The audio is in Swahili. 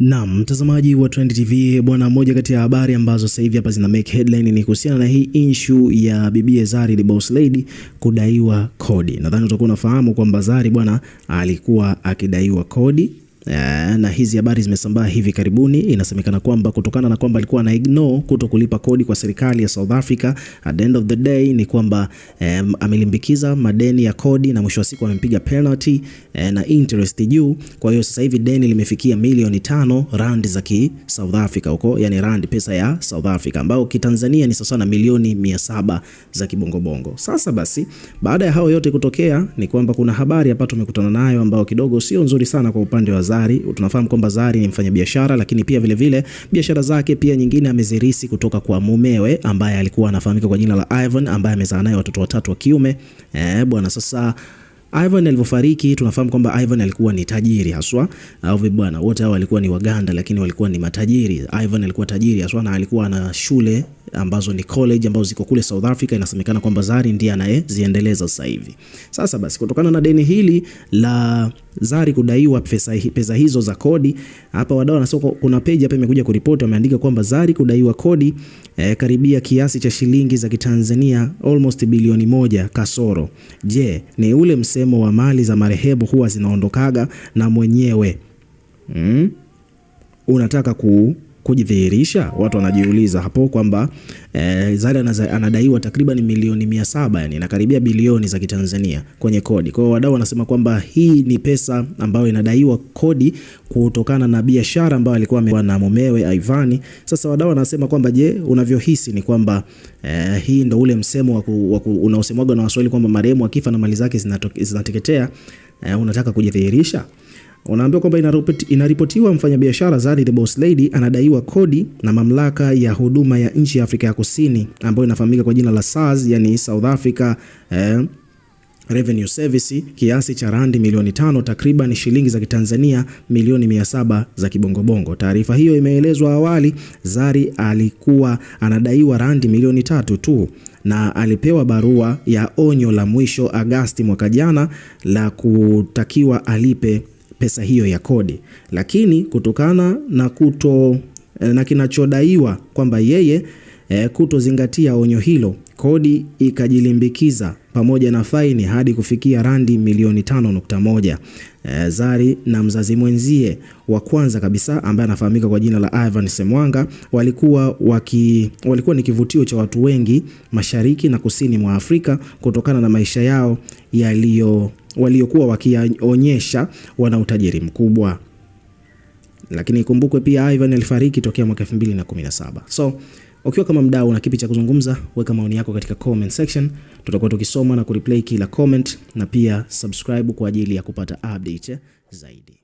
Naam, mtazamaji wa Trend TV bwana, moja kati ya habari ambazo sasa hivi hapa zina make headline ni kuhusiana na hii issue ya bibi Zari the Boss Lady kudaiwa kodi. Nadhani utakuwa unafahamu kwamba Zari bwana alikuwa akidaiwa kodi Eh, na hizi habari zimesambaa hivi karibuni. Inasemekana kwamba kutokana na kwamba alikuwa na ignore kuto kulipa kodi kwa serikali ya South Africa, at the end of the day ni kwamba eh, amelimbikiza madeni ya kodi na mwisho wa siku amempiga penalty eh, na interest juu. Kwa hiyo sasa hivi deni limefikia milioni tano rand za ki South Africa huko, yani rand pesa ya South Africa ambao kitanzania ni sawa na milioni saba za kibongobongo. Sasa basi baada ya hao yote kutokea, ni kwamba kuna habari hapa tumekutana nayo ambayo kidogo sio nzuri sana kwa upande wa Zari. Tunafahamu kwamba Zari ni mfanyabiashara, lakini pia vile vile biashara zake pia nyingine amezirisi kutoka kwa mumewe ambaye alikuwa anafahamika kwa jina la Ivan ambaye amezaa naye watoto watatu wa kiume. Eh, bwana sasa Ivan alivyofariki tunafahamu kwamba Ivan alikuwa ni tajiri haswa, au bwana, wote hao walikuwa ni Waganda lakini walikuwa ni matajiri. Ivan alikuwa tajiri haswa na alikuwa ana shule ambazo ni college ambazo ziko kule South Africa. Inasemekana kwamba Zari ndiye anayeziendeleza sasa hivi. Sasa basi, kutokana na deni hili la Zari kudaiwa pesa, pesa hizo za kodi, hapa wadau wanasema kuna page hapa imekuja kuripoti, wameandika kwamba Zari kudaiwa kodi eh, karibia kiasi cha shilingi za Kitanzania almost bilioni moja kasoro. Je, ni ule msemo wa mali za marehemu huwa zinaondokaga na mwenyewe mm? unataka ku kujidhihirisha. Watu wanajiuliza hapo kwamba e, Zari anadaiwa takriban milioni mia saba yani inakaribia bilioni za Kitanzania kwenye kodi. Kwa hiyo wadau wanasema kwamba hii ni pesa ambayo inadaiwa kodi kutokana na biashara ambayo alikuwa amekuwa na mumewe Ivani. Sasa wadau wanasema kwamba je, unavyohisi ni kwamba e, hii ndo ule msemo unaosemwaga na Waswahili kwamba marehemu akifa na mali zake zinateketea. e, unataka kujidhihirisha? Unaambiwa kwamba inaripotiwa mfanyabiashara Zari the Boss Lady anadaiwa kodi na mamlaka ya huduma ya nchi ya Afrika ya Kusini ambayo inafahamika kwa jina la SARS, yani South Africa eh, Revenue Service kiasi cha randi milioni tano takriban shilingi za Kitanzania milioni mia saba za kibongobongo. Taarifa hiyo imeelezwa awali, Zari alikuwa anadaiwa randi milioni tatu tu na alipewa barua ya onyo la mwisho Agasti mwaka jana la kutakiwa alipe pesa hiyo ya kodi, lakini kutokana na kuto eh, na kinachodaiwa kwamba yeye e, kutozingatia onyo hilo, kodi ikajilimbikiza pamoja na faini hadi kufikia randi milioni 5.1. E, eh, Zari na mzazi mwenzie wa kwanza kabisa ambaye anafahamika kwa jina la Ivan Semwanga walikuwa, waki, walikuwa ni kivutio cha watu wengi mashariki na kusini mwa Afrika kutokana na maisha yao yaliyo waliokuwa wakionyesha wana utajiri mkubwa lakini ikumbukwe pia Ivan alifariki tokea mwaka 2017. So ukiwa kama mdau na kipi cha kuzungumza, weka maoni yako katika comment section. Tutakuwa tukisoma na kureplay kila comment, na pia subscribe kwa ajili ya kupata update zaidi.